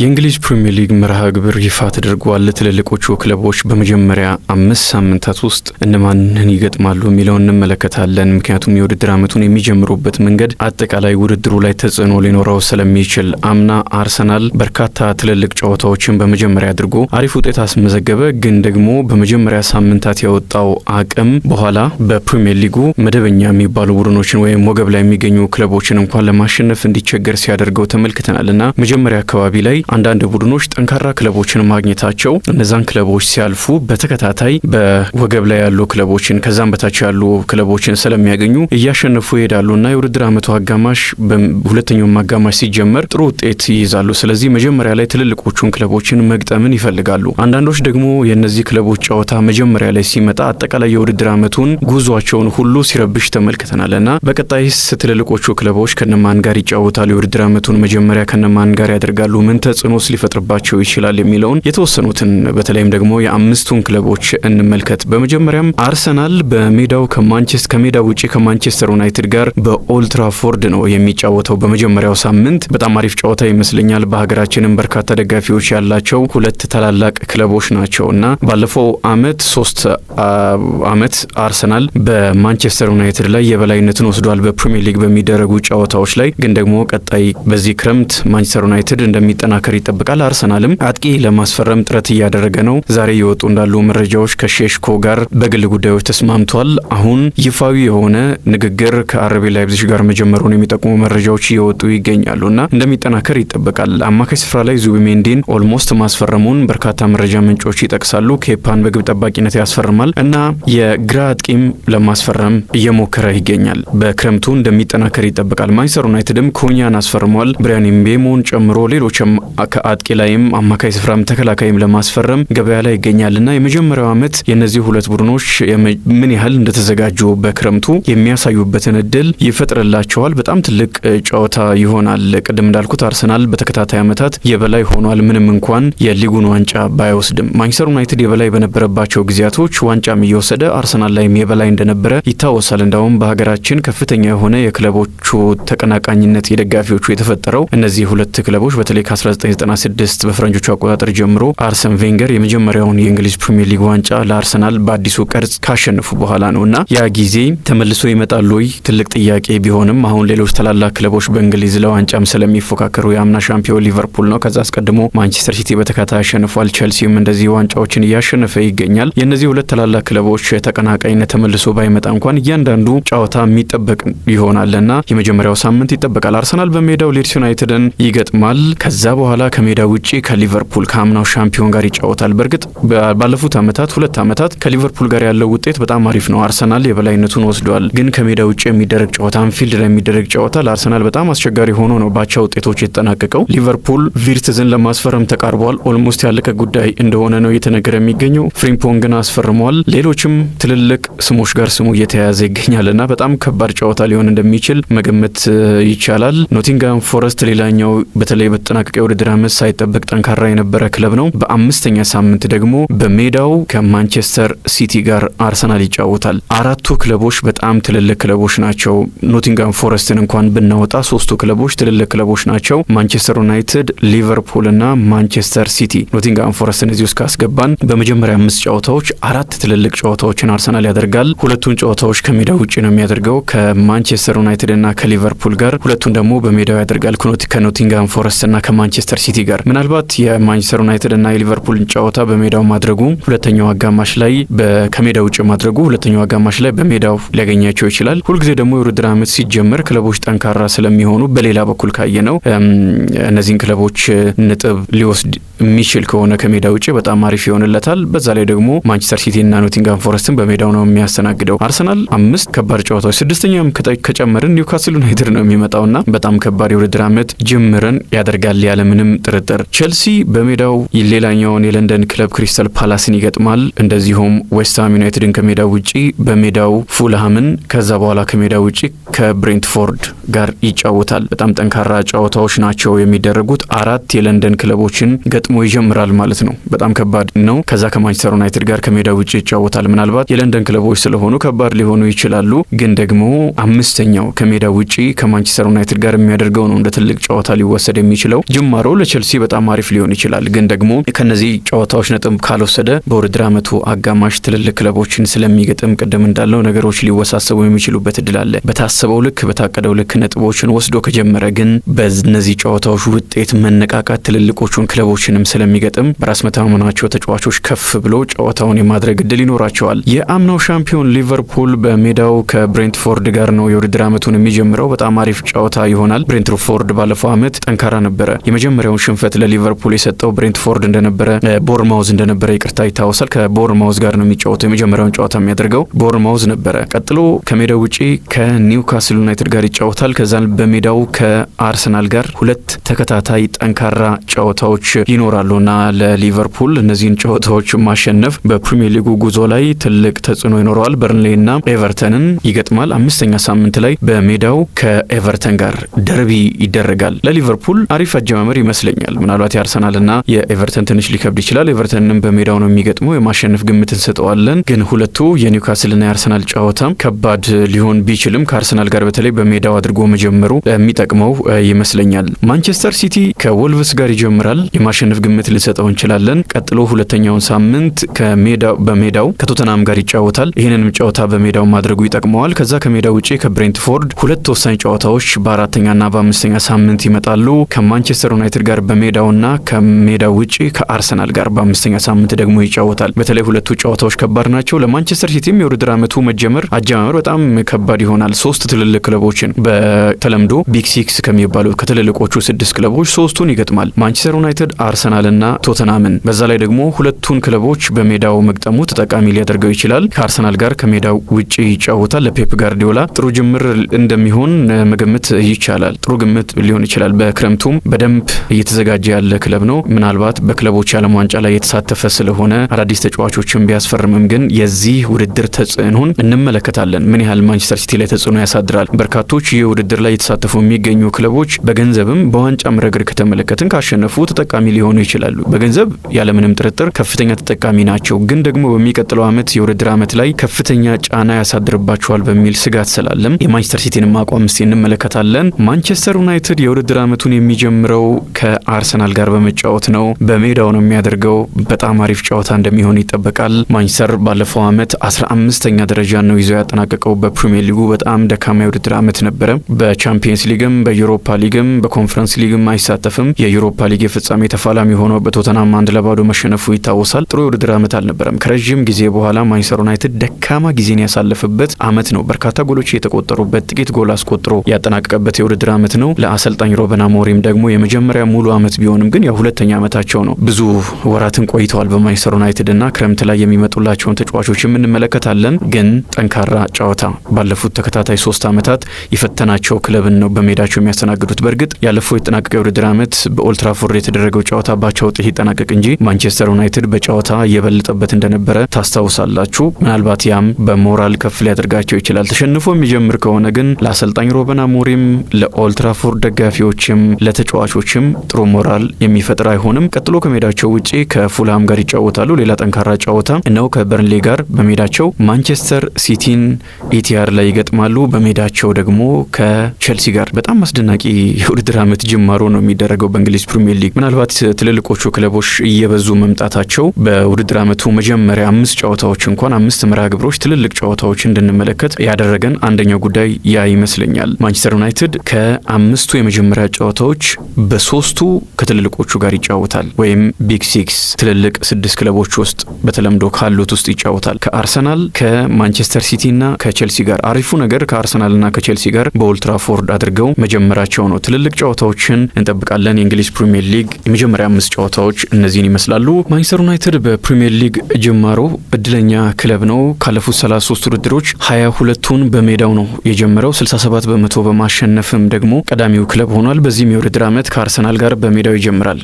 የእንግሊዝ ፕሪምየር ሊግ መርሃ ግብር ይፋ ተደርጓል። ለትልልቆቹ ክለቦች በመጀመሪያ አምስት ሳምንታት ውስጥ እነማንን ይገጥማሉ የሚለውን እንመለከታለን። ምክንያቱም የውድድር ዓመቱን የሚጀምሩበት መንገድ አጠቃላይ ውድድሩ ላይ ተጽዕኖ ሊኖረው ስለሚችል፣ አምና አርሰናል በርካታ ትልልቅ ጨዋታዎችን በመጀመሪያ አድርጎ አሪፍ ውጤት አስመዘገበ። ግን ደግሞ በመጀመሪያ ሳምንታት ያወጣው አቅም በኋላ በፕሪምየር ሊጉ መደበኛ የሚባሉ ቡድኖችን ወይም ወገብ ላይ የሚገኙ ክለቦችን እንኳን ለማሸነፍ እንዲቸገር ሲያደርገው ተመልክተናል እና መጀመሪያ አካባቢ ላይ አንዳንድ ቡድኖች ጠንካራ ክለቦችን ማግኘታቸው እነዛን ክለቦች ሲያልፉ በተከታታይ በወገብ ላይ ያሉ ክለቦችን ከዛም በታች ያሉ ክለቦችን ስለሚያገኙ እያሸነፉ እና የውድድር አመቱ አጋማሽ ሁለተኛውም አጋማሽ ሲጀመር ጥሩ ውጤት ይይዛሉ። ስለዚህ መጀመሪያ ላይ ትልልቆቹን ክለቦችን መግጠምን ይፈልጋሉ። አንዳንዶች ደግሞ የእነዚህ ክለቦች ጨዋታ መጀመሪያ ላይ ሲመጣ አጠቃላይ የውድድር አመቱን ጉዟቸውን ሁሉ ሲረብሽ ተመልክተናል እና በቀጣይስ ትልልቆቹ ክለቦች ከነማን ጋር ይጫወታሉ? የውድድር አመቱን መጀመሪያ ከነማን ጋር ያደርጋሉ? ምን ተጽዕኖስ ሊፈጥርባቸው ይችላል የሚለውን የተወሰኑትን በተለይም ደግሞ የአምስቱን ክለቦች እንመልከት። በመጀመሪያም አርሰናል በሜዳው ከማንቸስተር ከሜዳ ውጪ ከማንቸስተር ዩናይትድ ጋር በኦልትራፎርድ ነው የሚጫወተው በመጀመሪያው ሳምንት። በጣም አሪፍ ጨዋታ ይመስለኛል። በሀገራችንም በርካታ ደጋፊዎች ያላቸው ሁለት ታላላቅ ክለቦች ናቸው እና ባለፈው አመት ሶስት አመት አርሰናል በማንቸስተር ዩናይትድ ላይ የበላይነትን ወስዷል በፕሪሚየር ሊግ በሚደረጉ ጨዋታዎች ላይ። ግን ደግሞ ቀጣይ በዚህ ክረምት ማንቸስተር ዩናይትድ እንደሚጠናከ መጠናከር ይጠብቃል። አርሰናልም አጥቂ ለማስፈረም ጥረት እያደረገ ነው። ዛሬ የወጡ እንዳሉ መረጃዎች ከሼሽኮ ጋር በግል ጉዳዮች ተስማምቷል። አሁን ይፋዊ የሆነ ንግግር ከአረቤ ላይብዚሽ ጋር መጀመሩን የሚጠቁሙ መረጃዎች እየወጡ ይገኛሉ እና እንደሚጠናከር ይጠበቃል። አማካይ ስፍራ ላይ ዙቢሜንዲን ኦልሞስት ማስፈረሙን በርካታ መረጃ ምንጮች ይጠቅሳሉ። ኬፓን በግብ ጠባቂነት ያስፈርማል እና የግራ አጥቂም ለማስፈረም እየሞከረ ይገኛል። በክረምቱ እንደሚጠናከር ይጠበቃል። ማንቸስተር ዩናይትድም ኩኛን አስፈርሟል። ብሪያን ምቤሞን ጨምሮ ሌሎችም ከአጥቂ ላይም አማካይ ስፍራም ተከላካይም ለማስፈረም ገበያ ላይ ይገኛልና የመጀመሪያው ዓመት የእነዚህ ሁለት ቡድኖች ምን ያህል እንደተዘጋጁ በክረምቱ የሚያሳዩበትን እድል ይፈጥርላቸዋል። በጣም ትልቅ ጨዋታ ይሆናል። ቅድም እንዳልኩት አርሰናል በተከታታይ ዓመታት የበላይ ሆኗል። ምንም እንኳን የሊጉን ዋንጫ ባይወስድም ማንቸስተር ዩናይትድ የበላይ በነበረባቸው ጊዜያቶች ዋንጫም እየወሰደ አርሰናል ላይም የበላይ እንደነበረ ይታወሳል። እንዳውም በሀገራችን ከፍተኛ የሆነ የክለቦቹ ተቀናቃኝነት የደጋፊዎቹ የተፈጠረው እነዚህ ሁለት ክለቦች በተለይ ከ19 1996 በፈረንጆቹ አቆጣጠር ጀምሮ አርሰን ቬንገር የመጀመሪያውን የእንግሊዝ ፕሪምየር ሊግ ዋንጫ ለአርሰናል በአዲሱ ቅርጽ ካሸነፉ በኋላ ነው እና ያ ጊዜ ተመልሶ ይመጣሉ ወይ ትልቅ ጥያቄ ቢሆንም አሁን ሌሎች ታላላቅ ክለቦች በእንግሊዝ ለዋንጫም ስለሚፎካከሩ የአምና ሻምፒዮን ሊቨርፑል ነው። ከዛ አስቀድሞ ማንቸስተር ሲቲ በተከታታይ አሸንፏል። ቸልሲም እንደዚህ ዋንጫዎችን እያሸነፈ ይገኛል። የእነዚህ ሁለት ታላላቅ ክለቦች ተቀናቃይነት ተመልሶ ባይመጣ እንኳን እያንዳንዱ ጨዋታ የሚጠበቅ ይሆናል እና የመጀመሪያው ሳምንት ይጠበቃል። አርሰናል በሜዳው ሊድስ ዩናይትድን ይገጥማል። ከዛ በኋላ በኋላ ከሜዳ ውጪ ከሊቨርፑል ከአምናው ሻምፒዮን ጋር ይጫወታል። በእርግጥ ባለፉት ዓመታት ሁለት ዓመታት ከሊቨርፑል ጋር ያለው ውጤት በጣም አሪፍ ነው። አርሰናል የበላይነቱን ወስዷል። ግን ከሜዳ ውጭ የሚደረግ ጨዋታ አንፊልድ ላይ የሚደረግ ጨዋታ ለአርሰናል በጣም አስቸጋሪ ሆኖ ነው ባቻ ውጤቶች የተጠናቀቀው። ሊቨርፑል ቪርትዝን ለማስፈረም ተቃርቧል። ኦልሞስት ያለቀ ጉዳይ እንደሆነ ነው እየተነገረ የሚገኘው። ፍሪምፖንግን አስፈርሟል። ሌሎችም ትልልቅ ስሞች ጋር ስሙ እየተያያዘ ይገኛል እና በጣም ከባድ ጨዋታ ሊሆን እንደሚችል መገመት ይቻላል። ኖቲንጋም ፎረስት ሌላኛው በተለይ በተጠናቀቀ የውድድር ዓመት ሳይጠበቅ ጠንካራ የነበረ ክለብ ነው። በአምስተኛ ሳምንት ደግሞ በሜዳው ከማንቸስተር ሲቲ ጋር አርሰናል ይጫወታል። አራቱ ክለቦች በጣም ትልልቅ ክለቦች ናቸው። ኖቲንጋም ፎረስትን እንኳን ብናወጣ ሶስቱ ክለቦች ትልልቅ ክለቦች ናቸው። ማንቸስተር ዩናይትድ፣ ሊቨርፑል እና ማንቸስተር ሲቲ። ኖቲንጋም ፎረስትን እዚህ ውስጥ ካስገባን በመጀመሪያ አምስት ጨዋታዎች አራት ትልልቅ ጨዋታዎችን አርሰናል ያደርጋል። ሁለቱን ጨዋታዎች ከሜዳ ውጭ ነው የሚያደርገው ከማንቸስተር ዩናይትድ እና ከሊቨርፑል ጋር፣ ሁለቱን ደግሞ በሜዳው ያደርጋል ከኖቲንጋም ፎረስት እና ከማንቸስተር ከሌስተር ሲቲ ጋር ምናልባት የማንቸስተር እና የሊቨርፑልን ጨዋታ በሜዳው ማድረጉ ሁለተኛው አጋማሽ ላይ ከሜዳ ውጭ ማድረጉ ሁለተኛው አጋማሽ ላይ በሜዳው ሊያገኛቸው ይችላል። ሁልጊዜ ደግሞ የውድድር ዓመት ሲጀመር ክለቦች ጠንካራ ስለሚሆኑ በሌላ በኩል ካየ ነው እነዚህን ክለቦች ነጥብ ሊወስድ የሚችል ከሆነ ከሜዳ ውጭ በጣም አሪፍ ይሆንለታል። በዛ ላይ ደግሞ ማንቸስተር ሲቲ እና ኖቲንጋም ፎረስትን በሜዳው ነው የሚያስተናግደው። አርሰናል አምስት ከባድ ጨዋታዎች ስድስተኛም ከጨመርን ኒውካስል ዩናይትድ ነው የሚመጣውና በጣም ከባድ የውድድር ዓመት ጅምርን ያደርጋል ያለምንም ጥርጥር። ቼልሲ በሜዳው ሌላኛውን የለንደን ክለብ ክሪስታል ፓላስን ይገጥማል። እንደዚሁም ዌስትሃም ዩናይትድን ከሜዳው ውጪ በሜዳው ፉልሃምን ከዛ በኋላ ከሜዳው ውጪ ከብሬንትፎርድ ጋር ይጫወታል። በጣም ጠንካራ ጨዋታዎች ናቸው የሚደረጉት አራት የለንደን ክለቦችን ገጥ ገጥሞ ይጀምራል ማለት ነው። በጣም ከባድ ነው። ከዛ ከማንቸስተር ዩናይትድ ጋር ከሜዳ ውጭ ይጫወታል። ምናልባት የለንደን ክለቦች ስለሆኑ ከባድ ሊሆኑ ይችላሉ። ግን ደግሞ አምስተኛው ከሜዳ ውጭ ከማንቸስተር ዩናይትድ ጋር የሚያደርገው ነው እንደ ትልቅ ጨዋታ ሊወሰድ የሚችለው። ጅማሮ ለቸልሲ በጣም አሪፍ ሊሆን ይችላል። ግን ደግሞ ከነዚህ ጨዋታዎች ነጥብ ካልወሰደ በውድድር ዓመቱ አጋማሽ ትልልቅ ክለቦችን ስለሚገጥም ቅድም እንዳለው ነገሮች ሊወሳሰቡ የሚችሉበት እድል አለ። በታሰበው ልክ በታቀደው ልክ ነጥቦችን ወስዶ ከጀመረ ግን በነዚህ ጨዋታዎች ውጤት መነቃቃት ትልልቆቹን ክለቦችን ችግሮችንም ስለሚገጥም በራስ መተማመናቸው ተጫዋቾች ከፍ ብሎ ጨዋታውን የማድረግ እድል ይኖራቸዋል። የአምናው ሻምፒዮን ሊቨርፑል በሜዳው ከብሬንትፎርድ ጋር ነው የውድድር ዓመቱን የሚጀምረው። በጣም አሪፍ ጨዋታ ይሆናል። ብሬንትፎርድ ባለፈው ዓመት ጠንካራ ነበረ። የመጀመሪያውን ሽንፈት ለሊቨርፑል የሰጠው ብሬንትፎርድ እንደነበረ ቦርማውዝ እንደነበረ ይቅርታ ይታወሳል። ከቦርማውዝ ጋር ነው የሚጫወተው። የመጀመሪያውን ጨዋታ የሚያደርገው ቦርማውዝ ነበረ። ቀጥሎ ከሜዳው ውጪ ከኒውካስል ዩናይትድ ጋር ይጫወታል። ከዛን በሜዳው ከአርሰናል ጋር ሁለት ተከታታይ ጠንካራ ጨዋታዎች ይኖ ይኖራሉና ለሊቨርፑል እነዚህን ጨዋታዎች ማሸነፍ በፕሪሚየር ሊጉ ጉዞ ላይ ትልቅ ተጽዕኖ ይኖረዋል። በርንሌና ኤቨርተንን ይገጥማል። አምስተኛ ሳምንት ላይ በሜዳው ከኤቨርተን ጋር ደርቢ ይደረጋል። ለሊቨርፑል አሪፍ አጀማመር ይመስለኛል። ምናልባት የአርሰናልና የኤቨርተን ትንሽ ሊከብድ ይችላል። ኤቨርተንንም በሜዳው ነው የሚገጥመው። የማሸነፍ ግምት እንሰጠዋለን። ግን ሁለቱ የኒውካስልና የአርሰናል ጨዋታ ከባድ ሊሆን ቢችልም ከአርሰናል ጋር በተለይ በሜዳው አድርጎ መጀመሩ የሚጠቅመው ይመስለኛል። ማንቸስተር ሲቲ ከወልቭስ ጋር ይጀምራል። የማሸነፍ እንደሚያሸንፍ ግምት ልንሰጠው እንችላለን። ቀጥሎ ሁለተኛውን ሳምንት በሜዳው ከቶተናም ጋር ይጫወታል። ይህንንም ጨዋታ በሜዳው ማድረጉ ይጠቅመዋል። ከዛ ከሜዳው ውጪ ከብሬንትፎርድ ሁለት ወሳኝ ጨዋታዎች በአራተኛና በአምስተኛ ሳምንት ይመጣሉ። ከማንቸስተር ዩናይትድ ጋር በሜዳውና ከሜዳው ውጪ ከአርሰናል ጋር በአምስተኛ ሳምንት ደግሞ ይጫወታል። በተለይ ሁለቱ ጨዋታዎች ከባድ ናቸው። ለማንቸስተር ሲቲም የውድድር ዓመቱ መጀመር አጀማመር በጣም ከባድ ይሆናል። ሶስት ትልልቅ ክለቦችን በተለምዶ ቢግ ሲክስ ከሚባሉት ከትልልቆቹ ስድስት ክለቦች ሶስቱን ይገጥማል። ማንቸስተር ዩናይትድ፣ አርሰናል አርሰናልና ቶተናምን በዛ ላይ ደግሞ ሁለቱን ክለቦች በሜዳው መግጠሙ ተጠቃሚ ሊያደርገው ይችላል። ከአርሰናል ጋር ከሜዳው ውጭ ይጫወታል። ለፔፕ ጋርዲዮላ ጥሩ ጅምር እንደሚሆን መገመት ይቻላል። ጥሩ ግምት ሊሆን ይችላል። በክረምቱም በደንብ እየተዘጋጀ ያለ ክለብ ነው። ምናልባት በክለቦች የዓለም ዋንጫ ላይ የተሳተፈ ስለሆነ አዳዲስ ተጫዋቾችን ቢያስፈርምም ግን የዚህ ውድድር ተጽዕኖን እንመለከታለን። ምን ያህል ማንቸስተር ሲቲ ላይ ተጽዕኖ ያሳድራል? በርካቶች ይህ ውድድር ላይ የተሳተፉ የሚገኙ ክለቦች በገንዘብም በዋንጫ ምረግር ከተመለከትን ካሸነፉ ተጠቃሚ ሊሆኑ ሊሆኑ ይችላሉ። በገንዘብ ያለምንም ጥርጥር ከፍተኛ ተጠቃሚ ናቸው። ግን ደግሞ በሚቀጥለው ዓመት የውድድር ዓመት ላይ ከፍተኛ ጫና ያሳድርባቸዋል በሚል ስጋት ስላለም የማንቸስተር ሲቲንም አቋም እስቲ እንመለከታለን። ማንቸስተር ዩናይትድ የውድድር ዓመቱን የሚጀምረው ከአርሰናል ጋር በመጫወት ነው። በሜዳው ነው የሚያደርገው። በጣም አሪፍ ጨዋታ እንደሚሆን ይጠበቃል። ማንቸስተር ባለፈው ዓመት 15ኛ ደረጃ ነው ይዘው ያጠናቀቀው። በፕሪሚየር ሊጉ በጣም ደካማ የውድድር ዓመት ነበረ። በቻምፒየንስ ሊግም በዩሮፓ ሊግም በኮንፈረንስ ሊግም አይሳተፍም። የዩሮፓ ሊግ የፍጻሜ ተፋ ተፋላሚ ሆኖ በቶተናም አንድ ለባዶ መሸነፉ ይታወሳል። ጥሩ የውድድር ዓመት አልነበረም። ከረዥም ጊዜ በኋላ ማንችስተር ዩናይትድ ደካማ ጊዜን ያሳለፈበት ዓመት ነው። በርካታ ጎሎች የተቆጠሩበት፣ ጥቂት ጎል አስቆጥሮ ያጠናቀቀበት የውድድር ዓመት ነው። ለአሰልጣኝ ሮበን አሞሪም ደግሞ የመጀመሪያ ሙሉ ዓመት ቢሆንም ግን ያው ሁለተኛ ዓመታቸው ነው። ብዙ ወራትን ቆይተዋል በማንችስተር ዩናይትድ እና ክረምት ላይ የሚመጡላቸውን ተጫዋቾች እንመለከታለን። ግን ጠንካራ ጨዋታ ባለፉት ተከታታይ ሶስት ዓመታት የፈተናቸው ክለብን ነው በሜዳቸው የሚያስተናግዱት። በእርግጥ ያለፈው የተጠናቀቀ የውድድር ዓመት በኦልትራፎርድ የተደረገው ጨዋታ ጨዋታ ባቻ ውጤት ይጠናቀቅ እንጂ ማንቸስተር ዩናይትድ በጨዋታ የበለጠበት እንደነበረ ታስታውሳላችሁ። ምናልባት ያም በሞራል ከፍ ሊያደርጋቸው ይችላል። ተሸንፎ የሚጀምር ከሆነ ግን ለአሰልጣኝ ሮበን አሞሪም፣ ለኦልትራፎርድ ደጋፊዎችም፣ ለተጫዋቾችም ጥሩ ሞራል የሚፈጥር አይሆንም። ቀጥሎ ከሜዳቸው ውጪ ከፉልሃም ጋር ይጫወታሉ። ሌላ ጠንካራ ጨዋታ ነው ከበርንሌ ጋር በሜዳቸው ማንቸስተር ሲቲን ኢቲአር ላይ ይገጥማሉ። በሜዳቸው ደግሞ ከቸልሲ ጋር በጣም አስደናቂ የውድድር ዓመት ጅማሮ ነው የሚደረገው በእንግሊዝ ፕሪሚየር ሊግ ምናልባት ትልልቆቹ ክለቦች እየበዙ መምጣታቸው በውድድር ዓመቱ መጀመሪያ አምስት ጨዋታዎች እንኳን አምስት መርሃ ግብሮች ትልልቅ ጨዋታዎች እንድንመለከት ያደረገን አንደኛው ጉዳይ ያ ይመስለኛል። ማንቸስተር ዩናይትድ ከአምስቱ የመጀመሪያ ጨዋታዎች በሶስቱ ከትልልቆቹ ጋር ይጫወታል፣ ወይም ቢግ ሲክስ ትልልቅ ስድስት ክለቦች ውስጥ በተለምዶ ካሉት ውስጥ ይጫወታል። ከአርሰናል ከማንቸስተር ሲቲና ከቼልሲ ጋር አሪፉ ነገር ከአርሰናልና ከቼልሲ ጋር በኦልትራፎርድ አድርገው መጀመራቸው ነው። ትልልቅ ጨዋታዎችን እንጠብቃለን። የእንግሊዝ ፕሪምየር ሊግ የመጀመሪያ 25 ጨዋታዎች እነዚህን ይመስላሉ። ማንቸስተር ዩናይትድ በፕሪምየር ሊግ ጅማሮ እድለኛ ክለብ ነው። ካለፉት 33 ውድድሮች 22ቱን በሜዳው ነው የጀመረው 67 በመቶ በማሸነፍም ደግሞ ቀዳሚው ክለብ ሆኗል። በዚህም የውድድር ዓመት ከአርሰናል ጋር በሜዳው ይጀምራል።